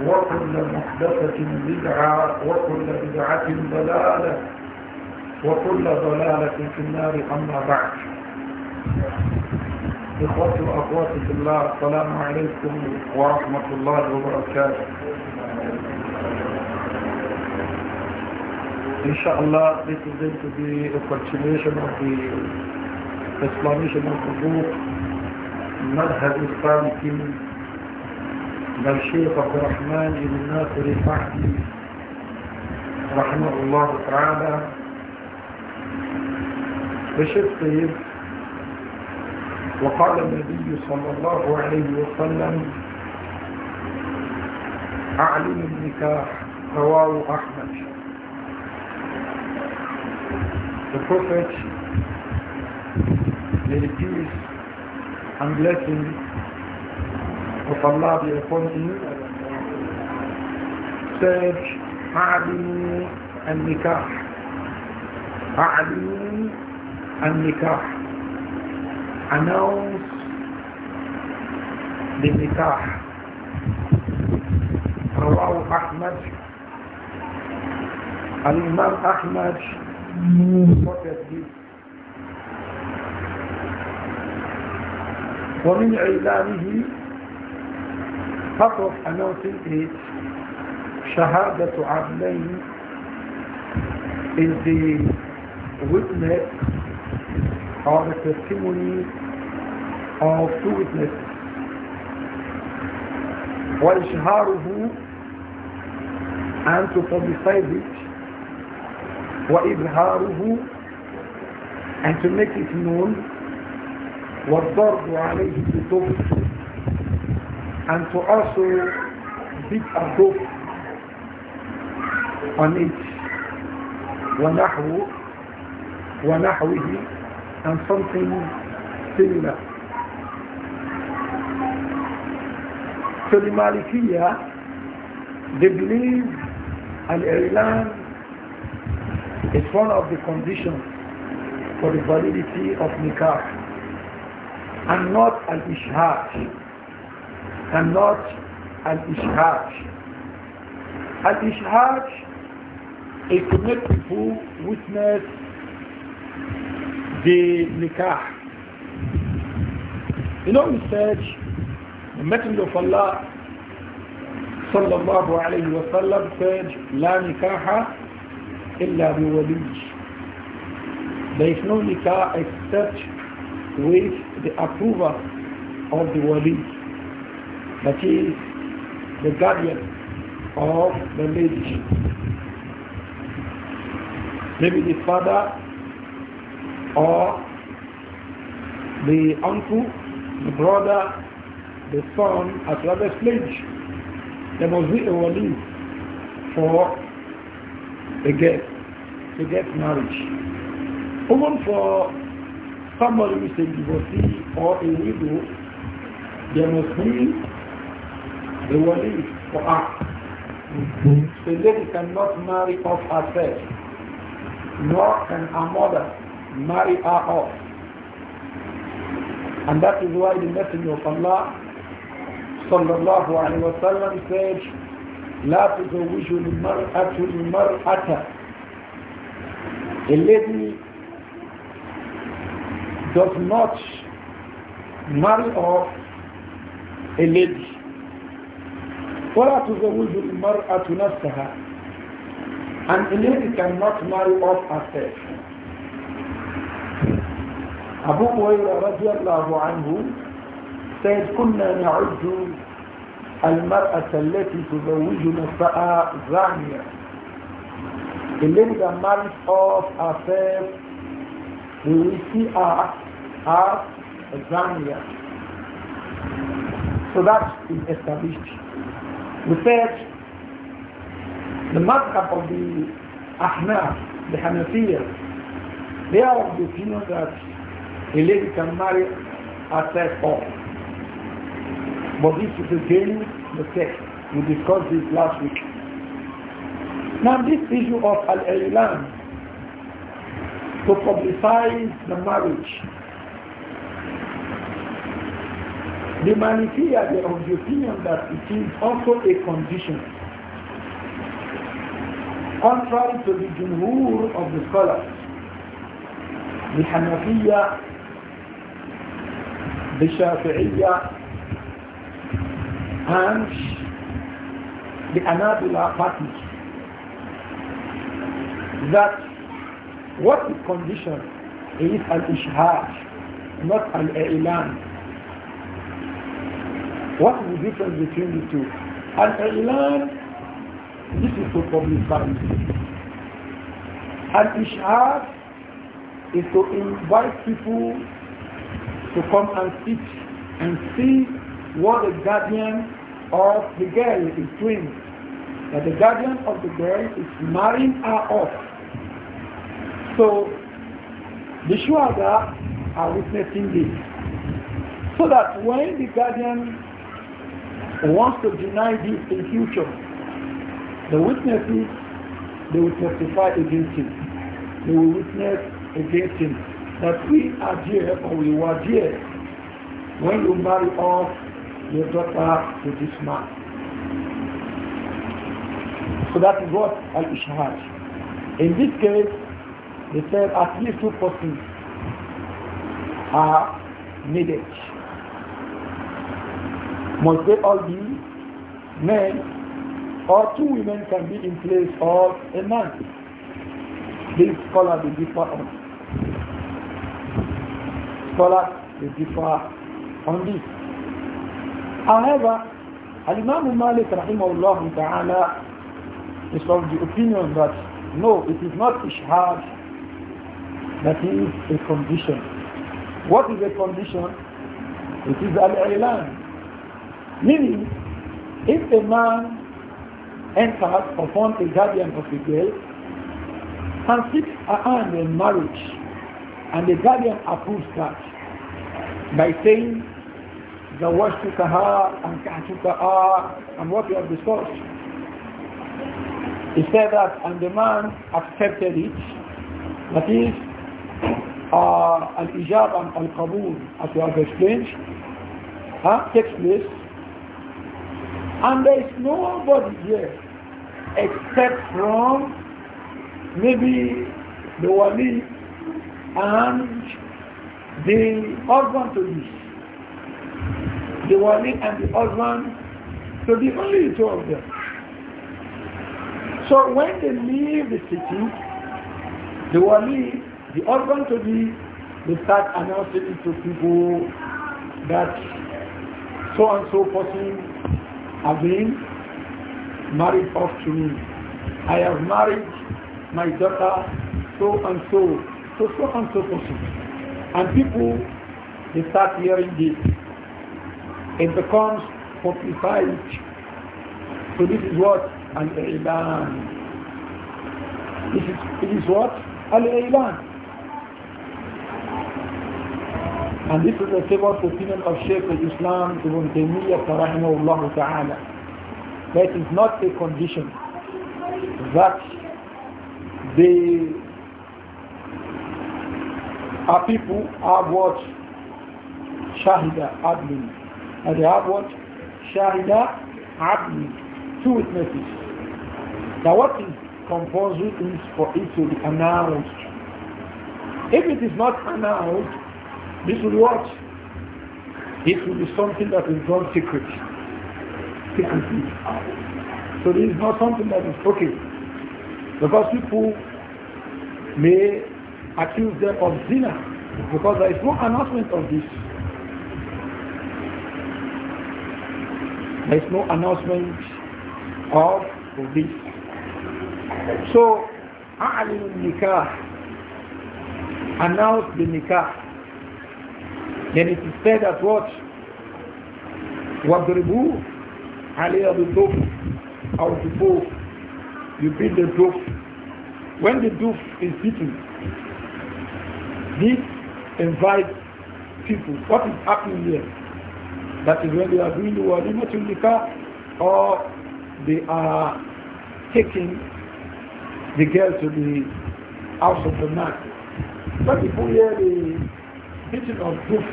وكل محدثة بدعة وكل بدعة ضلالة وكل ضلالة في النار أما بعد إخوتي وأخواتي في الله السلام عليكم ورحمة الله وبركاته إن شاء الله this is going to be a continuation of the explanation of the book Madhab Islam للشيخ عبد الرحمن بن ناصر الفحدي رحمه الله تعالى بشر وقال النبي صلى الله عليه وسلم أعلم النكاح رواه أحمد The Prophet, made the peace and blessings الطلاب يكون سيرش أعلنوا النكاح أعلنوا النكاح أناوس بالنكاح رواه أحمد الإمام أحمد ومن إعلانه part of announcing is Shahadatu Adlain is the witness or the testimony of two witnesses. وإشهاره and to publicize it وإظهاره and to make it known والضرب عليه بطفل and to also beat a book on it ونحو ونحوه and something similar so the Malikiya they believe al-Ilan is one of the conditions for the validity of nikah and not al-ishhad and not an ishhaj An ishhaj is to make people witness the nikah. You know we said the Messenger of Allah sallallahu alayhi wa sallam said La nikaha illa biwalij. There is no nikah except with the approval of the wali that is the guardian of the lady. Maybe the father or the uncle, the brother, the son as well as pledge. There must be a wali for a girl to get marriage. Even for somebody who is a divorcee or a widow, there must be the wali for us. A lady cannot marry off herself, nor can a mother marry her off. And that is why the Messenger of Allah sallallahu alayhi wa sallam said, لا تزوج المرأة المرأة A lady does not marry off a lady ولا تزوج المرأة نفسها and a lady cannot marry off herself Abu Hurairah رضي الله عنه said كنا نعد المرأة التي تزوج نفسها زانية a lady that marries off herself we will see her as Zania so that is established we said the madhab of the Ahnaf, the Hanafiya, they are of the opinion that a lady can marry herself off. But this is again the text. We discussed this last week. Now this issue of Al-Ilan to publicize the marriage The Manichaeans are of the opinion that it is also a condition. Contrary to the Jumhur of the scholars, the Hanafiya, the Shafi'iyya, and the Anabila party, that what is condition is an ishhad, not an ilan what is the difference between the two? And Ilan, this is to publicize. And Ishar is to invite people to come and sit and see what the guardian of the girl is doing. That the guardian of the girl is marrying her off. So the shuhada are witnessing this. So that when the guardian wants to deny this in future, the witnesses, they will testify against him. They will witness against him that we are here or we were here when you marry off your daughter to this man. So that is what Al-Ishahad. In this case, they said at least two persons are needed. Must they all be men or two women can be in place of a man? These scholars they differ on. Scholars they differ on this. However, Al-Imam Malik rahimahullah ta'ala is of the opinion that no, it is not ishhad that is a condition. What is a condition? It is al-ilan, Meaning, if a man enters upon a guardian of a girl and seeks a hand in marriage, and the guardian approves that by saying, the worst to Kahar and Kahtukaha and what we have discussed. He said that and the man accepted it. That is uh, Al-Ijab and al kabul, as we have explained huh, takes place and there is nobody here except from maybe the wali and the husband to be. The wali and the husband to the only two of them. So when they leave the city, the wali, the husband to be, they start announcing to people that so and so person have been married off to me. I have married my daughter so and so, so so and so person. And people, they start hearing this. It becomes amplified. So this is what? Al-Ilan. This is, it is what? Al-Ilan. And this is the favored opinion of Shaykh al-Islam Ibn Taymiyyah rahimahullah ta'ala. That is not a condition that the our people have what? Shahida Admin. And they have what? Shahida Admin. Two witnesses. Now what is compulsory is for it to be announced. If it is not announced, this will what? It will be something that is done secret. Secretly. So this is not something that is okay. Because people may accuse them of zina because there is no announcement of this. There is no announcement of this. So, أعلن nikah, announce the nikah then it is said that what? the عَلَيْهَا بِالْدُفْ the بِفُوْ You beat the doof. When the doof is beaten, this invites people. What is happening here? That is when they are doing the walimatul car, or they are taking the girl to the house of the man. But people here, the speaking of proof.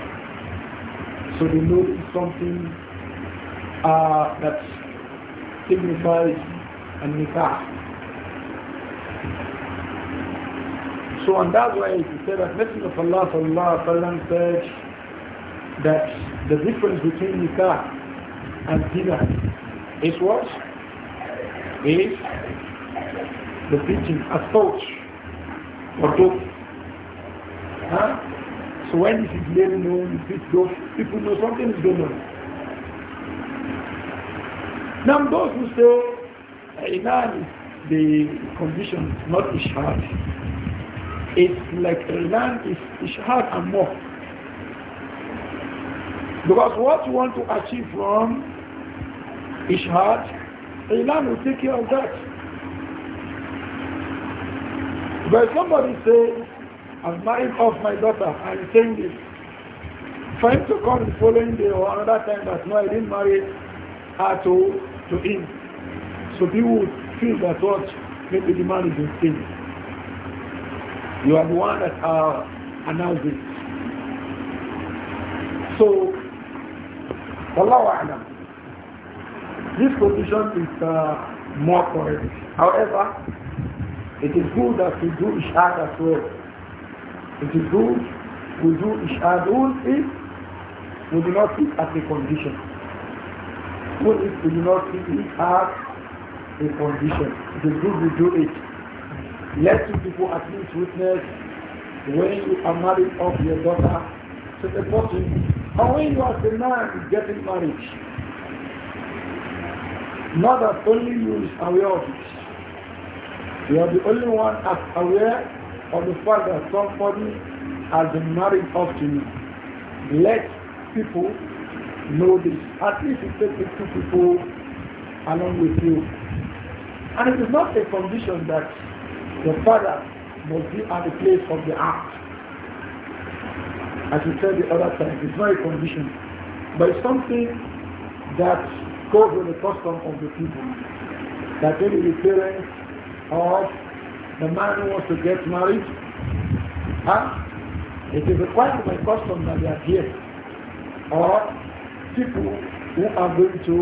So they know it's something uh, that signifies a nikah. So and that's why he said that Messenger of Allah sallallahu alayhi wa said that the difference between nikah and tina, is what? Is the teaching, a thought, or thought. Huh? So when this is made known, people know something is going on. Now those who say eh, Iran, the condition, not hard. It's like Iran is hard and more. Because what you want to achieve from Ishhad, Iran will take care of that. But somebody says, I'm marrying off my daughter. I'm saying this. For him to come the following day or another time that no, I didn't marry her to, to him. So people would feel that what maybe the man is insane. You are the one that are uh, announcing. So, Wallahu This condition is uh, more correct. However, it is good that we do Ishaq as well. It is do, we do ishadun if we do not it at a condition. What if we do not it at a condition? The good we do it. Let two people at least witness when you are married off your daughter to the person, and when you as a man getting married. Not that only you is aware of it. You are the only one as aware on the fact that somebody has been married up to you. Let people know this. At least it takes two people along with you. And it is not a condition that the father must be at the place of the act. As we said the other time, it's not a condition, but it's something that goes with the custom of the people. That maybe the parents or the man who wants to get married, huh? it is required by custom that they are here. Or people who are going to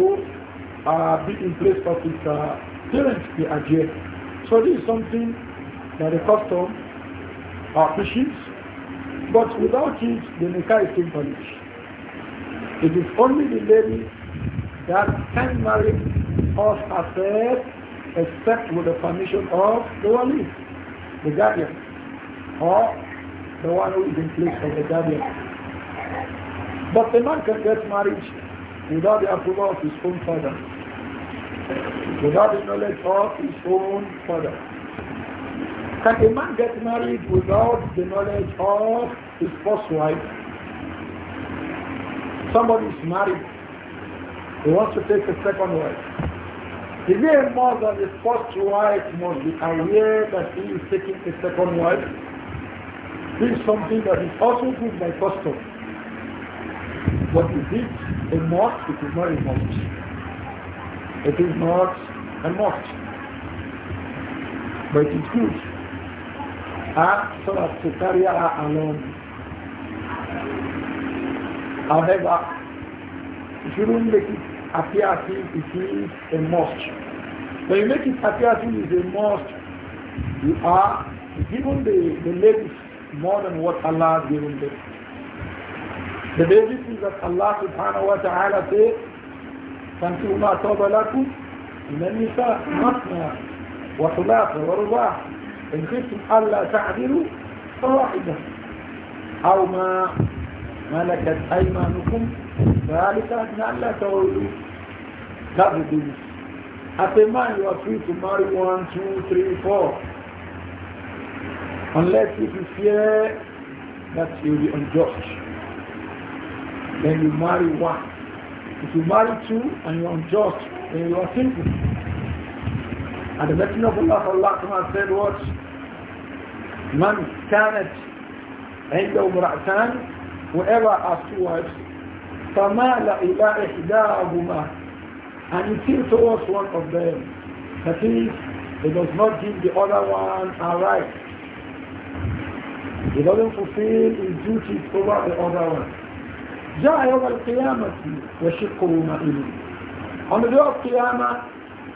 uh, be in place of his uh, parents, they are here. So this is something that the custom appreciates, uh, but without it, the nikah is still It is only the lady that can marry us herself except with the permission of the wali, the guardian, or the one who is in place of the guardian. But the man can get married without the approval of his own father, without the knowledge of his own father. Can a man get married without the knowledge of his first wife? Somebody is married. He wants to take a second wife. Is there more than the first wife must be aware that he is taking a second wife. This is something that is also good by custom. But is it a must? It is not a must. It is not a must. But it is good. Ah, so as to carry her along. However, you shouldn't make it appear as if it is a must. When you make it appear as if it is a must, you are giving the, the ladies more than what Allah has given them. The basis is that Allah subhanahu wa ta'ala says, فَانْتُوا مَا تَوْبَ لَكُمْ مِنَ النِّسَاءِ مَثْنَى وَثُلَاثَ وَرُبَاعَ إِنْ خِفْتُمْ أَلَّا تَعْدِلُوا فَوَاحِدَةً أَوْ مَا مَلَكَتْ أَيْمَانُكُمْ ذلك أدنى لك تبدو As a man, you are free to marry one, two, three, four. Unless if you fear that you'll be unjust. Then you marry one. If you marry two and you're unjust, then you are sinful. And the Messenger of Allah, Allah said what? Man kanat عنده امرأتان whoever has two wives فَمَالَ إِلَىٰ إِحْدَاهُمَا And he tilts towards one of them. That is, he does not give the other one a right. He doesn't fulfill his duties over the other one. جاء يوم القيامة وشقه مائل On the day of Qiyamah,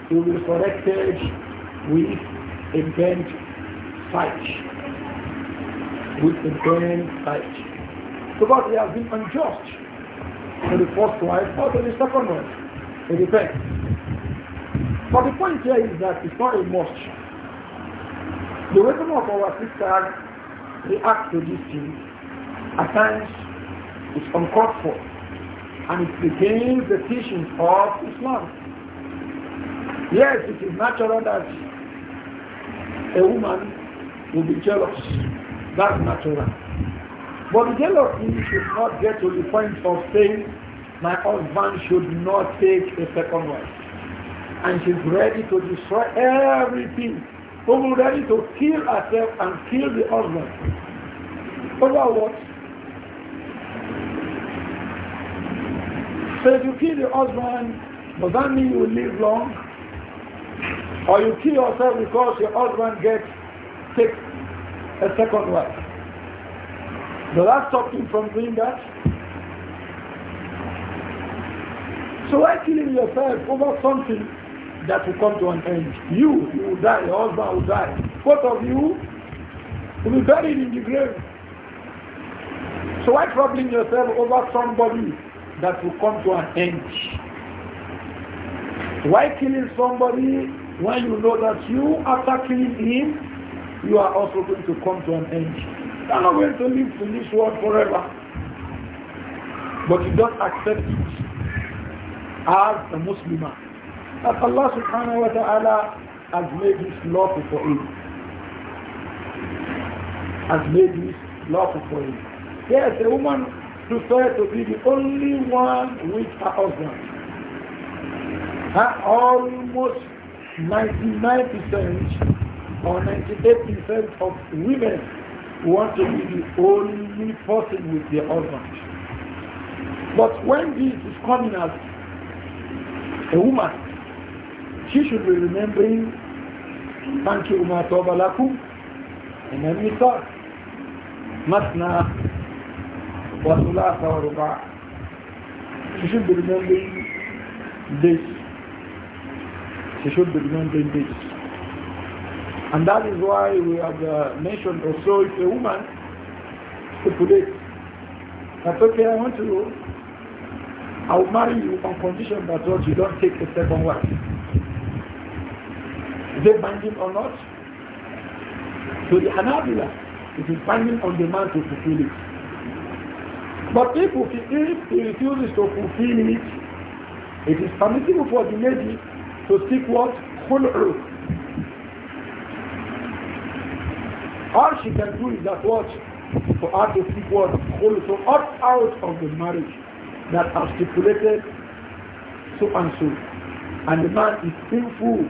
he will be corrected with a bent fight, With a bent fight, Because he has been unjust to the first wife or to the second wife. It depends. But the point here is that it's not a must. The reason of our sisters react to this thing at times is uncalled for and it against the teachings of Islam. Yes, it is natural that a woman will be jealous. That's natural. But the jealousy should not get to the point of saying, my husband should not take a second wife. And she's ready to destroy everything. Who is ready to kill herself and kill the husband. Over what? So if you kill the husband, does that mean you will live long? Or you kill yourself because your husband gets sick a second wife? Does that stopped him from doing that? So why killing yourself over something that will come to an end? You, you will die, your husband will die. Both of you will be buried in the grave. So why troubling yourself over somebody that will come to an end? Why killing somebody when you know that you, after killing him, you are also going to come to an end? You are not going to live in this world forever. But you don't accept it as a Muslim. That Allah subhanahu wa ta'ala has made this lawful for him. Has made this lawful for him. Yes, a woman prefers to be the only one with her husband. Her almost 99% or 98% of women want to be the only person with the husband. But when this is coming as a woman, she should be remembering, thank you, Umar Toba Lakum, and then we thought, Masna, Wasulasa, Waruba. She should be remembering this. She should be remembering this. And that is why we have uh, mentioned also if a woman stipulates that okay, I want to, I will marry you on condition that what you don't take a second wife. Is it binding or not? So the Hanabila, it is binding on the man to fulfill it. But if, if he refuses to fulfill it, it is permissible for the lady to seek what? earth. All she can do is that what? For her to seek what? Holy so opt out of the marriage that are stipulated so and so. And the man is sinful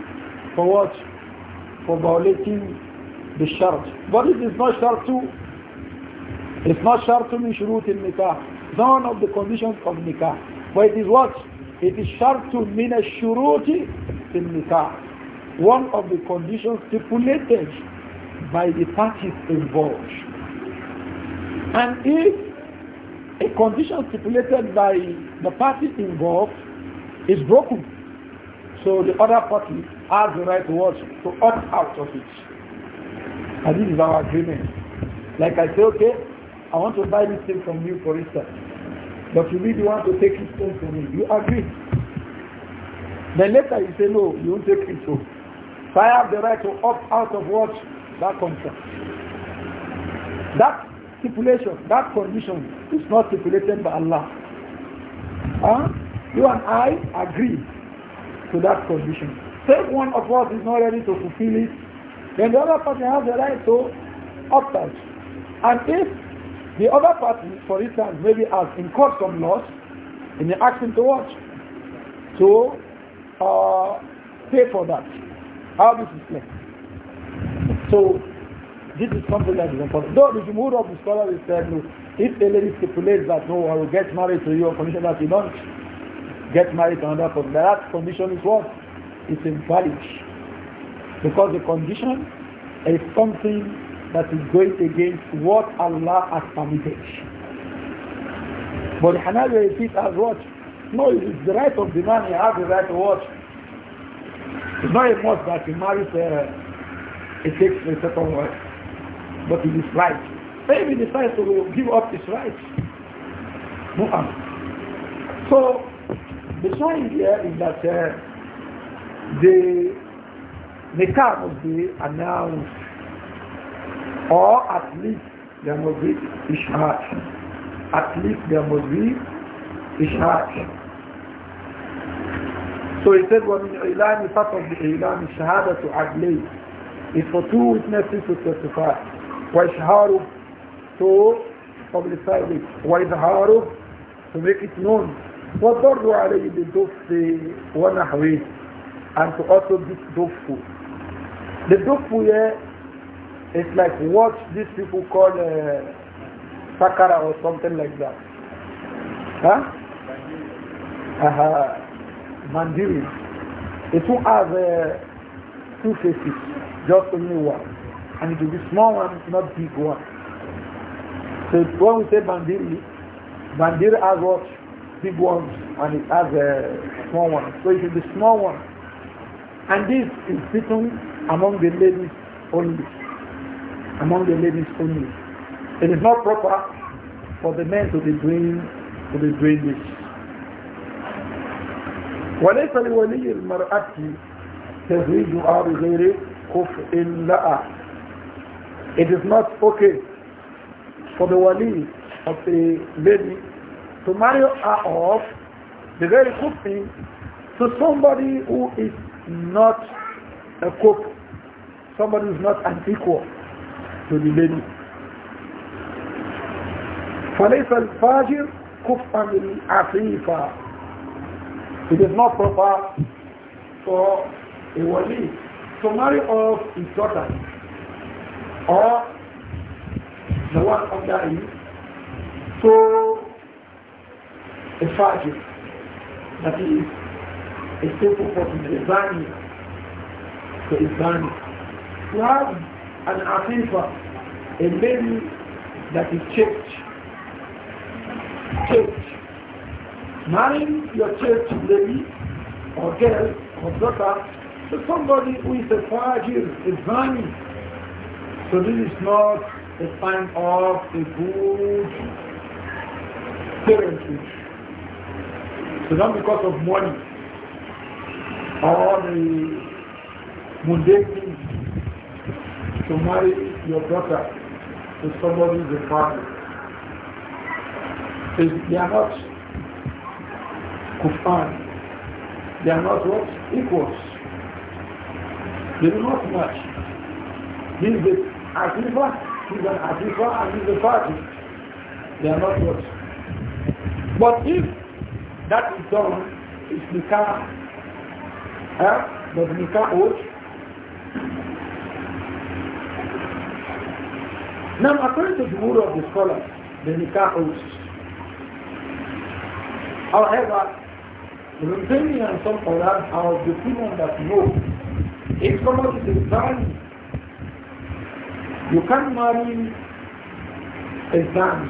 for what? For violating the shart. But it is not shart too. It's not shart min shurut in nikah. None of the conditions of nikah. But it is what? It is shart min shuruti in nikah. One of the conditions stipulated by the parties involved. And if a condition stipulated by the parties involved is broken, so the other party has the right to to opt out of it. And this is our agreement. Like I say, okay, I want to buy this thing from you, for instance. But you really want to take it home from me. You agree. Then later you say, no, you won't take it home. So I have the right to opt out of what that contract. That stipulation, that condition is not stipulated by Allah. Huh? You and I agree to that condition. If one of us is not ready to fulfill it, then the other party has the right to opt out. And if the other party, for instance, maybe has incurred some loss, in the action to watch, To uh, pay for that. How this is clear. So this is something that is important. Though the Jumhur of the scholar is say, no, if a lady stipulates that, no, I will get married to you on condition that you don't get married to another person, that condition is what? It's invalid. Because the condition is something that is going against what Allah has permitted. But Hanabi repeats as what? No, it's the right of the man, he has the right to what? It's not a must that he marries uh, it takes a certain wife. But it is right. Maybe the decides to give up his rights. No So the sign here is that uh, the nikah must be announced or at least there must be ishaq. At least there must be ishaq. So he said, "When وَمِنْ the فَقَدْ shahada to عَدْلَيْهِ it's for two witnesses to testify. Why وإشهاره to publicize it. Why وإظهاره to make it known. والضرب عليه بالدف ونحوه and to also this dufu. The dufu here is like what these people call uh, sakara or something like that. Huh? Uh -huh. Mandiri. It will have uh, two faces, just only one. And it will be small one, not big one. So when we say bandiri, bandiri has what? Big ones and it has a small one. So it the be small one. And this is sitting among the ladies only. Among the ladies only. It is not proper for the men to be doing to be doing this. وليس لولي المرأة تزويجها بغير كفء لها It is not okay for the wali of the lady to marry her off the very kufi to somebody who is not a cook, somebody who is not an equal to the lady. فليس الفاجر كفءا للعفيفة It is not proper for a wali to marry off his daughter or the one under him to a fajr that is a simple person, a zani, to a zani. To have an afifa, a lady that is church, church. marry your church lady or girl or daughter So somebody who is a fajir is vanished. So this is not the sign of a good parentage. So not because of money or the mundane things to marry your daughter to somebody in the family. They are not kufan. They are not what? Equals. They do not match. He's is the Afifa, He's is an Afifa, and this is party. They are not what. But if that is done, it's Nikah. Huh? But Nikah oath. Now, according to the word of the scholar, the Nikah oath. However, Rumpeni and some others are of the opinion that no, If somebody is dying, you can marry a Zani.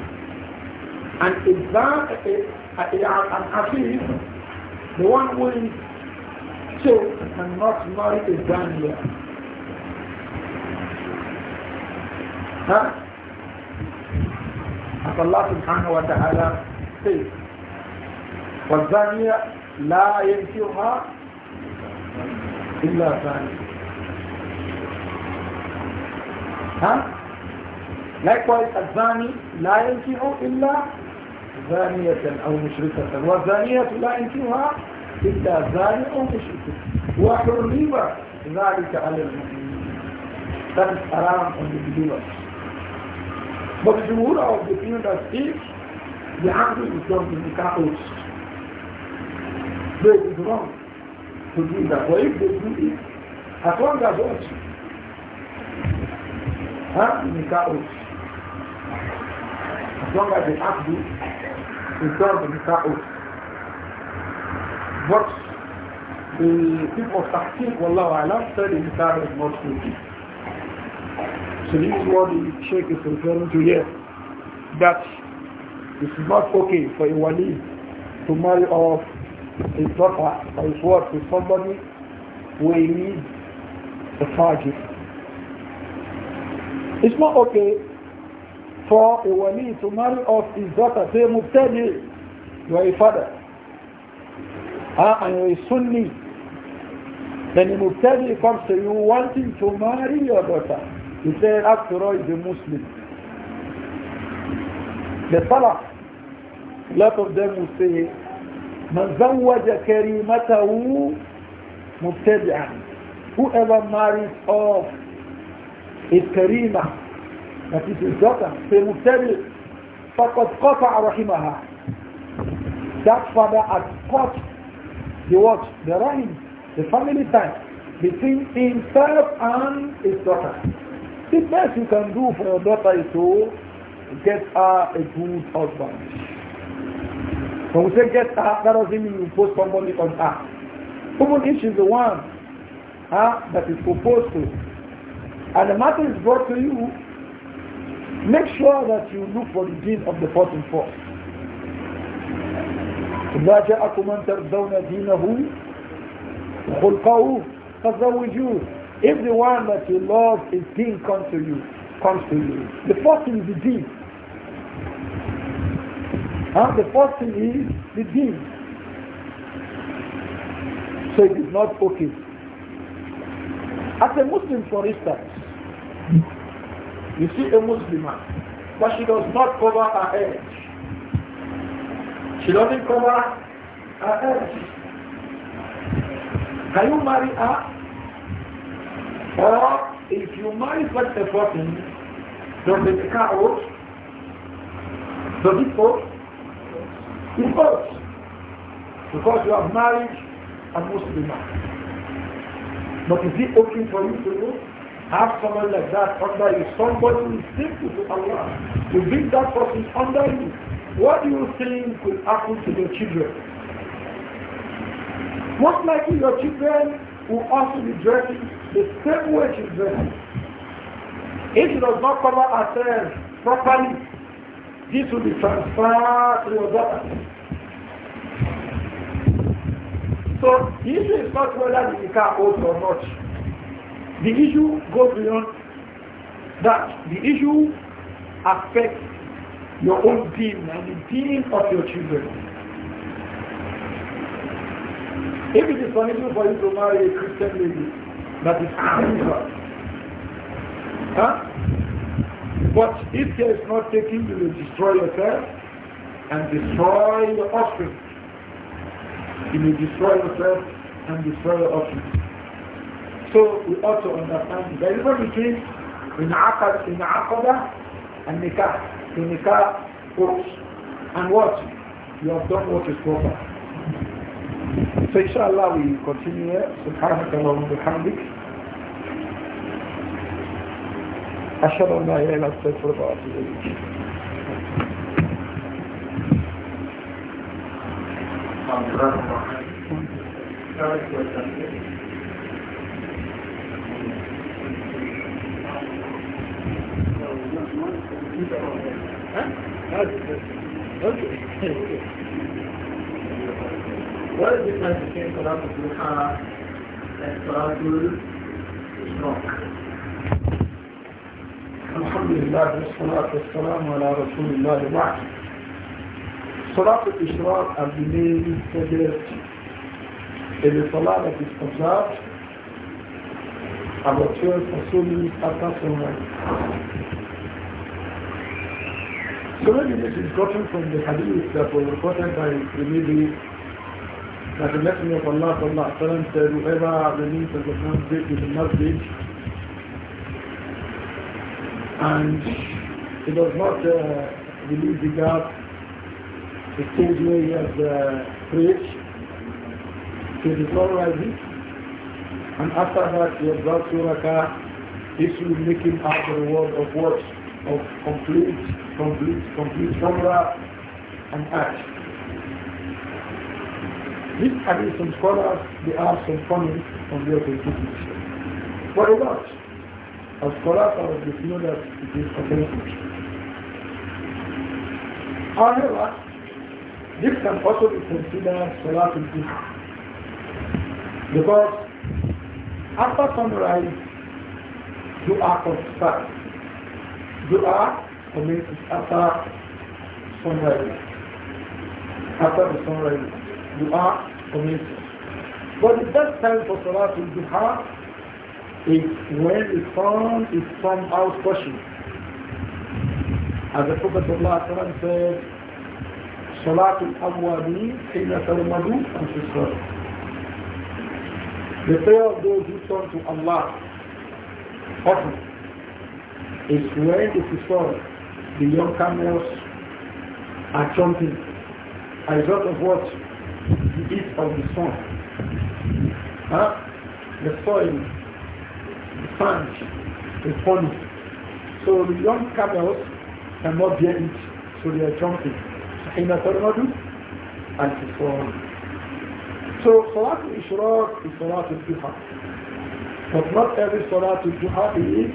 And a Zani, an Afif, the one who is killed cannot marry a Zani. Huh? As Allah subhanahu wa ta'ala says, وَالزَّانِيَ لَا يَنْكِرْهَا إلا ثاني ها Likewise الزاني لا ينكح إلا زانية أو مشركة والزانية لا ينكحها إلا زاني أو مشركة وحرم ذلك على المؤمنين That is haram on the believers. But the rule of the people that if the angel is not in the couples, they is wrong to do that. But if they do it, as long as what Huh? Nikah oath. As long the is done the Nikah oath. the people of Tahqiq, Wallahu Alam, not guilty. So this is what the Sheikh is referring to here. That it is not okay for a wali to marry off his daughter or his wife to somebody who he needs a fajr. It's not okay for a wali to marry off his daughter, say, Mubtadi, you are a father, ah, and you are a Sunni. Then the Mubtadi comes to you wanting to marry your daughter. He said, after all, he's a Muslim. The Salah, a lot of them will say, من زوج كريمته مبتدعا whoever marries off is Karima, that is his daughter, فمبتدئ فقد قطع رحمها that father had cut the what? The rahim, the family tie between himself and his daughter. The best you can do for your daughter is to get her a good husband. When we say get her, that doesn't mean you impose somebody on her. Even if she's the one huh, that is proposed to, and the matter is brought to you, make sure that you look for the deen of the person and إذا جاءكم من ترضون دينه خلقه فزوجوه If the one that you love is being comes to you, comes to you. The first thing is the deen. Huh? The first thing is the deen. So it is not okay. As a Muslim, for instance, you see a Muslim, but she does not cover her head. She doesn't cover her head. Can you marry her? Or if you marry such a person, does it count? Does it vote? It votes. Because you have married a Muslim. But is it okay for you to vote? have someone like that under you, somebody who is sinful to Allah. You bring that person under you. What do you think will happen to your children? Most likely your children will also be dressing the same way she's dressing. If she does not cover herself properly, this will be transferred to your daughter. So the issue is not whether the car holds or not. The issue goes beyond that. The issue affects your own deen and the deen of your children. If it is permissible for you to marry a Christian lady, that is sinful. Huh? But if there is not taking, you will destroy yourself and destroy your offspring. You will destroy yourself and destroy your offspring. So we ought to understand the difference between inaqad, inaqada and nikah. The nikah works. And what? You have done what is proper. So inshallah we continue here. سبحانك أشهد أن لا إله إلا أنت أستغفرك وأتوب إليك. Thank you. Huh? Okay. what is the difference between Salatul Duha and Salatul Ishraq? الحمد لله والصلاة والسلام على رسول الله بعد صلاة الإشراق as the name suggests is a salah that is observed about 12 or so minutes after sunrise so maybe this is gotten from the hadith that was reported by Tirmidhi that the Messenger of Allah sallallahu alaihi said, whoever believes at the masjid with the masjid and he does not uh, believe the God the stage where he has uh, preached to the sunrises and after that he observes two rakah this will make him out of the world of works of complete, complete, complete umrah and act. This hadith, some scholars, they have some comments on the authenticity. What about? As scholars are of know that it is authentic. However, this can also be considered salat al Because after sunrise, you are crucified dua or means it's after sunrise. After the sunrise. Dua or means But the best time for salah Salatul Duha is when the sun is somehow pushing. As the Prophet Allah said, Salatul Awwabi, Sayyidina Salamadu, and Shisrael. The prayer of those who turn to Allah often is when the Fisor, the young camels, are jumping a result of what? The heat of the sun. Huh? The soil, the sand, the pond. So the young camels cannot bear it, so they are jumping. حين ترمدوا الفصام So صلاة الإشراق is صلاة الضحى But not every صلاة الضحى is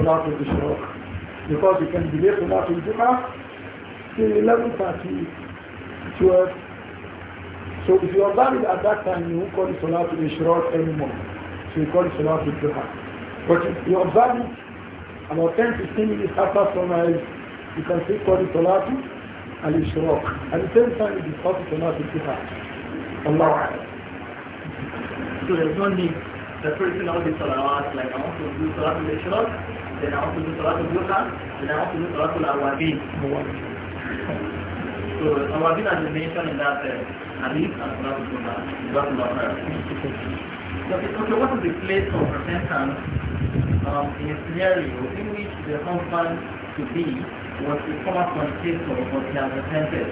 Salatul Ishraq. Because you can delay Salatul Jum'ah till 11.30, 12. So if you are married at that time, you won't call it Salatul Ishraq anymore. So you call it Salatul Jum'ah. But if you observe it about 10 15 minutes after sunrise, you can still call it Salatul Al-Ishraq. At the same time, it is called Salatul Jum'ah. Allah So there's no need The person always salawat, like I want to do salat al-ishraq لأن الجمعة الأوابين So, Awabin has been mentioned in that uh, hadith and So, okay, what is the place of repentance um, in a scenario in which the husband to be was a former confessor what he has repented?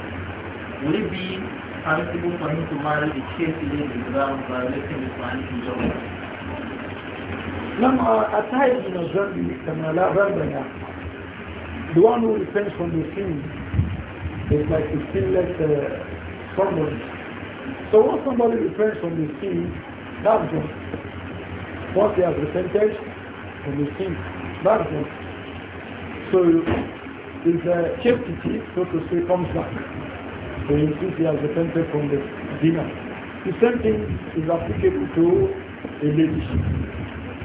Would it be permissible for him to marry a chaste lady without violating his marriage law? لما أتائب من الذنب كما لا ذنب The one who depends on the sin is like a sinless uh, somebody. So once somebody depends on the sin, that's What Once they have repented from the sin, that's God. So if uh, chastity, so to say, comes back. So you see he has repented from the dinner. The same thing is applicable to a lady.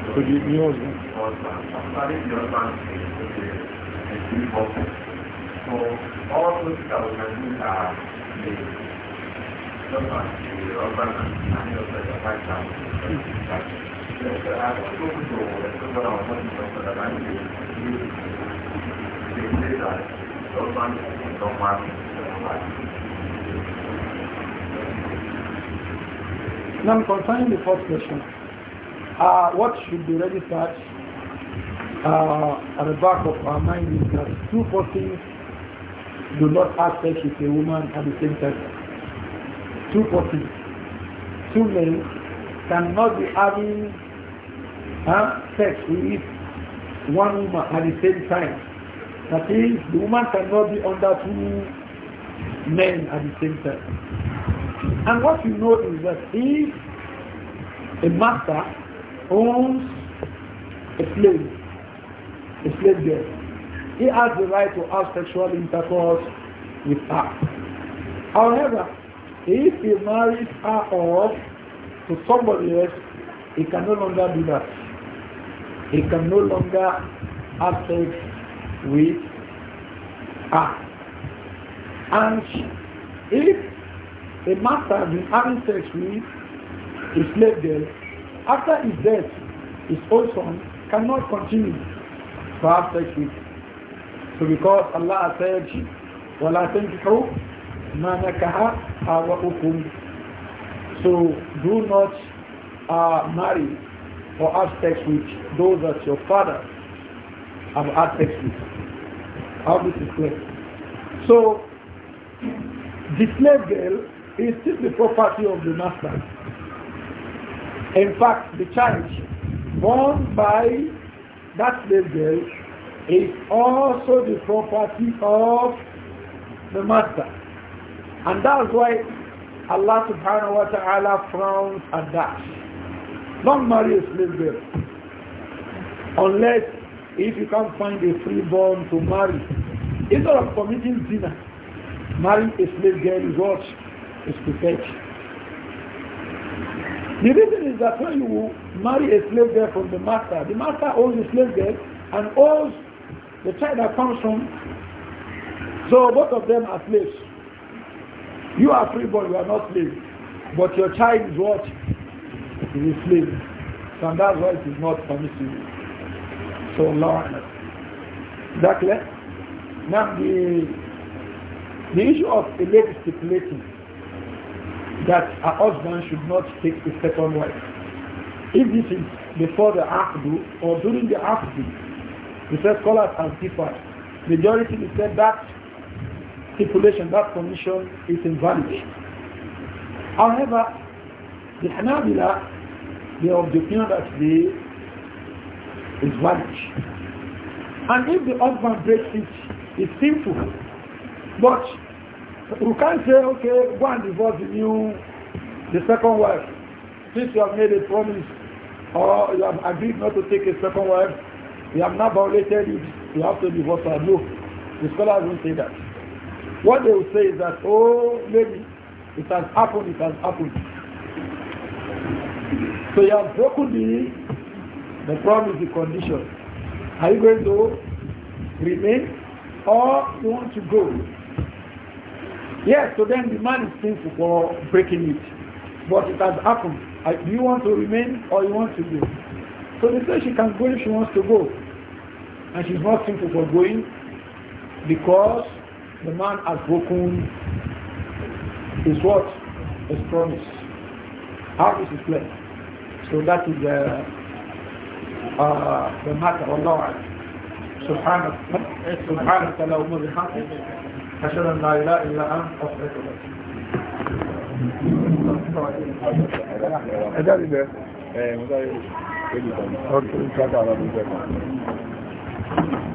Chodzi you So Now concerning the fourth question, uh, what should be registered uh, at the back of our mind is that two persons do not have sex with a woman at the same time. Two persons, two men cannot be having uh, sex with one woman at the same time. That is, the woman cannot be under two men at the same time. And what you know is that if a master owns a slave, a slave girl, he has the right to have sexual intercourse with her. However, if he marries her off to somebody else, he can no longer do that. He can no longer have sex with her. And if a master has been having sex with a slave girl, after his death, his son cannot continue to have sex with. So because Allah said, وَلَا تَنْكِحُوا مَا نَكَحَا أَوَأُكُمْ So do not uh, marry or have sex with those that your father have had sex with. How this is clear. So the slave girl is still the property of the master. In fact, the child born by that slave girl is also the property of the master. And that's why Allah subhanahu wa ta'ala frowns at that. Don't marry a slave girl. Unless if you can't find a freeborn to marry. Instead of committing zina, marrying a slave girl is what is pathetic. The reason is that when you marry a slave girl from the master, the master owns the slave girl and owns the child that comes from. So both of them are slaves. You are freeborn, you are not slave. But your child is what? It is a slave. And that's why it is not permissible. So Lord. Exactly. Now the the issue of a stipulating that her husband should not take a second wife. If this is before the Aqdu or during the Aqdu, the first scholars have differed. Majority is said that stipulation, that condition is invalid. However, the Hanabila, they object of the opinion that the is valid. And if the husband breaks it, it's sinful. But you can't say, okay, go and divorce the new, the second wife. Since you have made a promise or you have agreed not to take a second wife, you have not violated it, you have to divorce her. No, the scholars won't say that. What they will say is that, oh, maybe it has happened, it has happened. So you have broken the, the promise, the condition. Are you going to remain or you want to go? Yes, so then the man is sinful for breaking it. But it has happened. Do you want to remain or you want to go? So they say she can go if she wants to go. And she's not sinful for going because the man has broken his what? His promise. How is it is played. So that is the, uh, uh, the matter. Allah Subhanahu wa اللهم أشهد أن لا إله إلا أنت أستغفرك Ẹ jáde bẹ́ẹ̀. Ẹ mú sáré. Ó lè sọ̀rọ̀. Ó kí n ká dára lójú ẹ̀ka.